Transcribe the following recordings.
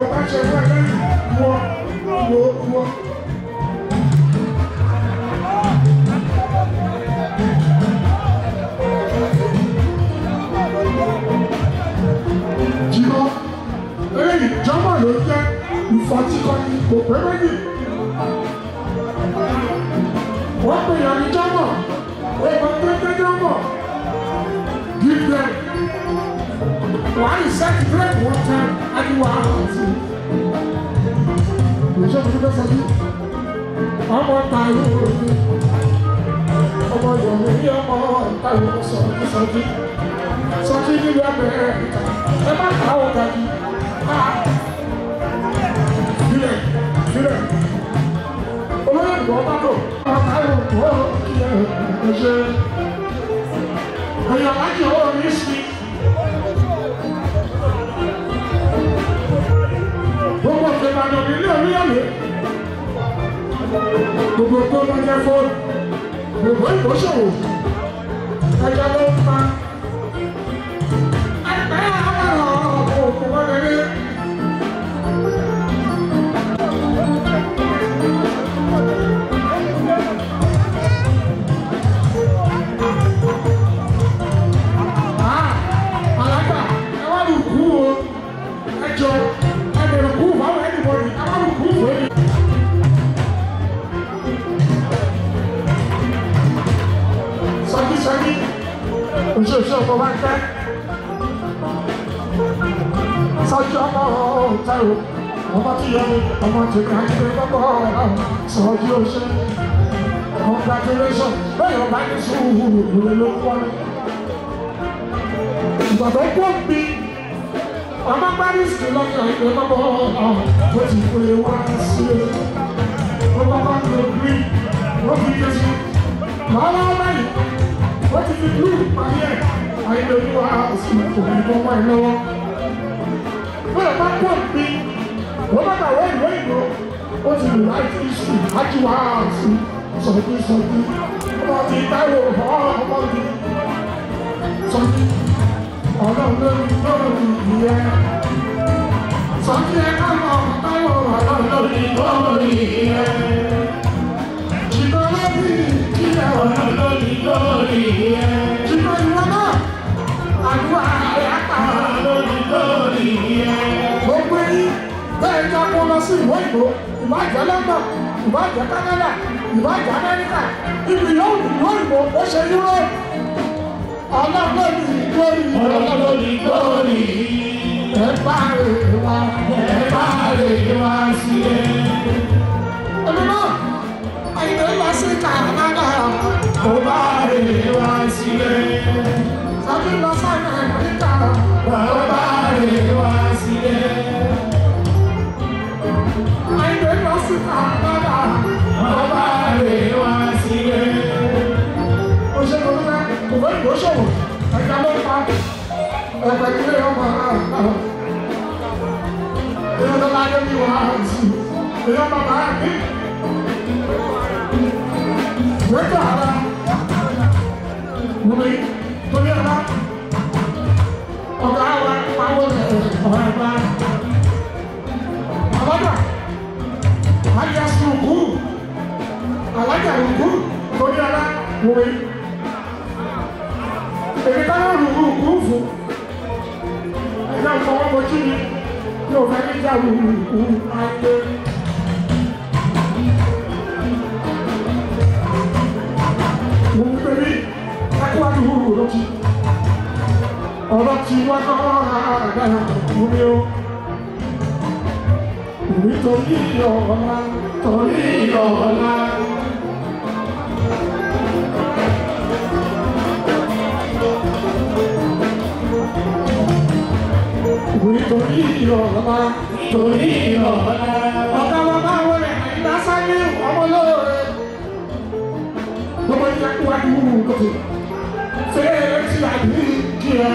Bàbá ṣe fún ẹgbẹ́ ìwọ ìwọ ìwọ. Jìbọ́ eléyìí jọ́mọ̀ ló jẹ́ ìfọ̀tíkọ́ni kò pé méjì. Wọ́n wàá yìí sẹ́ẹ̀tì bírèkì wọ́n tẹ́ adíwọ̀ àwọn ọ̀sìn. Ìjọ mi bẹ́ẹ̀ sẹ́yìn, ọmọ ta yóò rò ní. Ọmọ Yorùbá ní ọmọ ìta yóò sọ ní sọ́jí. Sọ́jí nílùú abẹ́rẹ́ ìta, ẹ má kà á wọ gàdí. Bílẹ̀ ah. bílẹ̀, olóyè ìgbọ̀ ọba dò, ọ̀tá yóò tó ọ̀rọ̀ gbogbo tó bá jẹ́ fóònù gbogbo ìkóṣòwò ẹja ló ń pa. ọmọ tí yọ mi ọmọ tí ká ní pé bọ́bọ́ sọ́jú oṣù congratulation lóyè ọba ní sùúrù ìwé ló kọ́ mi. ìgbà tó kó mi ọmọ paris kì lọ́kàn ìpè bọ́bọ́ tó ti pè wá sí i ó kọ́kọ́ tó gbé ó fi ké sí lọ́wọ́ báyìí ó ti fi blue parí ẹ̀ ayélujára òsì òyìnbó mọ́ ẹ lọ́wọ́. lóyè ọba kó mi no matter where you wey go ó ti lè láìsí ìṣù ájúwá àti sọ̀tún sọ̀tún ọmọ ti táwọn ọmọ ọmọ mi sọ̀tún ọ̀nà lórí lórí ìyẹn sọ̀tún ẹ̀ ká mọ̀ táwọn ọ̀nà lórí lórí ìyẹn. ṣùgbọ́n lọ́sí ìyẹn ọ̀nà lórí lórí ìyẹn. ṣùgbọ́n ìwọ náà àdúrà ẹ̀ á kà ọ̀nà lórí lórí ẹni kó lọ sí ìwọ ìgbó ìbá jẹ́ london ìbá jẹ́ canada ìbá jẹ́ america ibi yóò ìlú òyìnbó ó ṣe europe ọlọ́gbọ́n ní glory ọlọ́gbọ́n ní glory ẹ̀ bá rè Ela vai te eu Ela lá de mil reais. Ela mamar aqui. Vem cá, lá. Vamos aí. Tô vendo lá. Olha lá, olha lá, olha lá. Olha lá. Olha lá, surucu. Olha lá, surucu. Tô vendo lá. Vamos aí. Ele tá no grupo. ìyá ìfọwọ́ mojú mi mi ò fẹ́ ní ìjà wùwù ayé. Mo ń pèrí Akíwájú wùwù lọ́jì. Ọ̀rọ̀ ti wá kọ́ àgbàlá mú ni ó. Nítorí ọ̀la, torí ọ̀la. torí ìrọ̀rọ̀ bá mama. ìrọ̀rọ̀ bá mama wọn bá wọlé lásán ní ọmọlóore gbogbo ìjàkúwájú wù kòtò ṣé ẹ ti wà ní kí ẹ.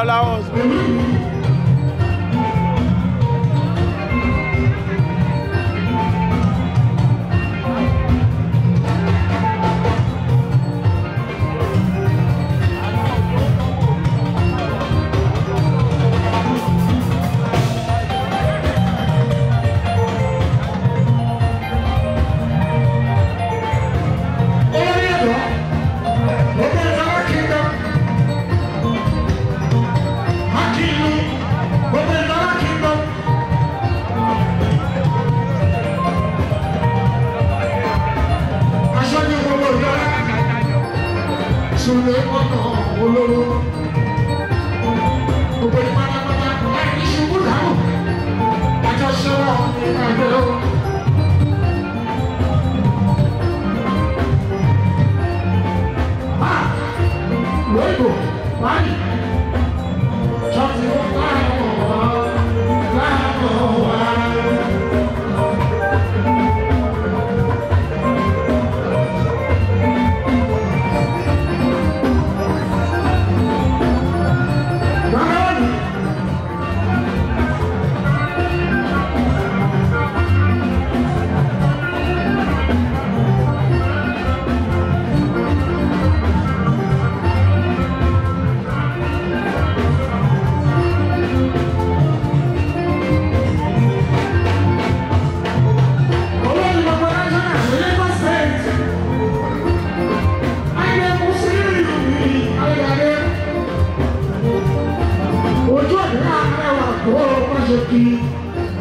à la hausse. olówó náà you.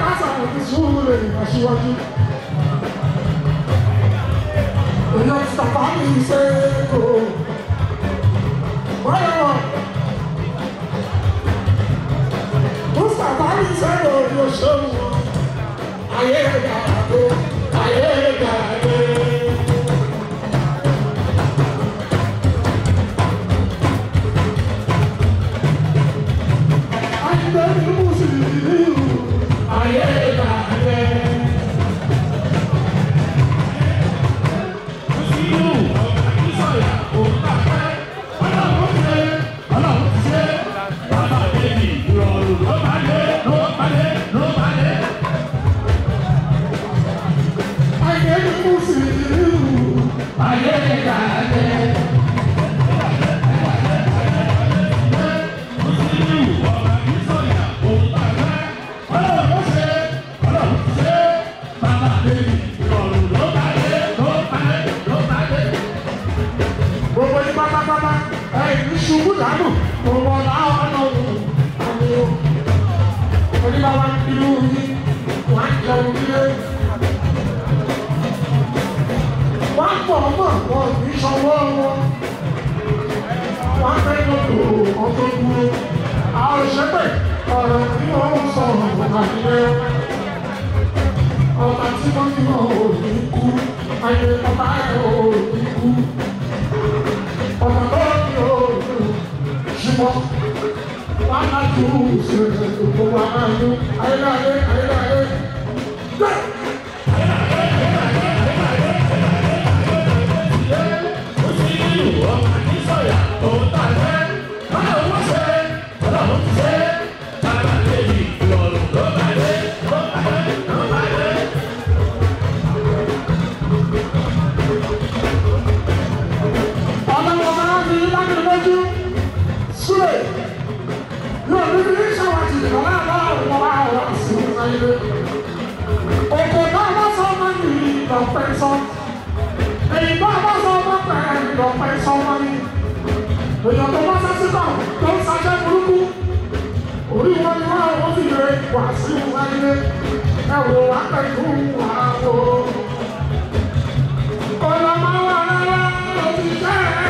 lásàkò fi sùúrù lè rìn aṣíwájú. Òyà ìsàpá mi ṣe kò. Báyọ̀ wọ̀. Mùsàpá mi ṣe kò ní oṣù. Ayé ìgbà àgbo, ayé ìgbà àgbo. I'm fẹ́ lóko ọ̀tọ̀ dúró. Àwọn ìṣẹ́pẹ̀ ọ̀rọ̀ tí wọ́n ń sọ àdìrẹ́. Ọba tí wọ́n ti mọ̀ ò ní kú, ayé ọba ẹ̀ ò ní kú. Ọ̀nà tó ní o ṣùgbọ́n wọ́n á tún ṣe gbogbo wa náà ìdọ̀pẹ́ sọ́mọ́ ni èèyàn tó bá sá síkọ̀ tó ń sajẹ́ burúkú orí wọn ni wọn àwọn fi lè wà sí wáyé ẹ wò wá pẹ̀lú wà wò. kọ́lọ́ máa wà rárá ló jẹ́ ẹ.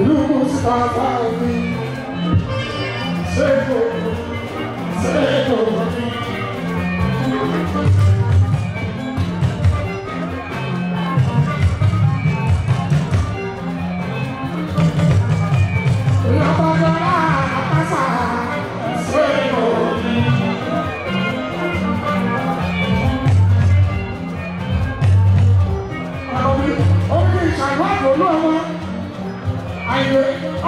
my mind, Say go, say go.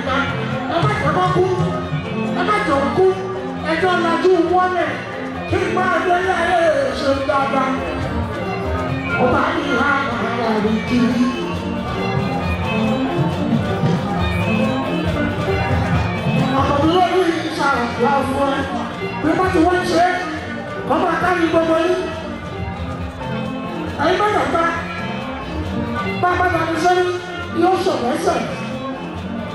àyíká ẹ má jẹ́ kó kú ẹ má jẹ́ kó kú ẹjọ́ lajú wọ́lẹ̀ kí n máa délé ṣe dáadáa ó bá ní ìhà àrà rí kiri. àkọ́bílẹ̀ yìí ń ṣàràkà fún ẹ bí wọ́n ti wọ́n ṣe ọmọ àtàrí gbogbo yìí ẹ̀yin má dàgbà bá bá dàgbà sẹ́yìn yóò ṣọ̀rọ̀ ẹ̀sẹ̀.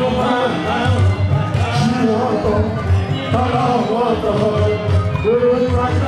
She wants to, I don't want to hurt. We're right now.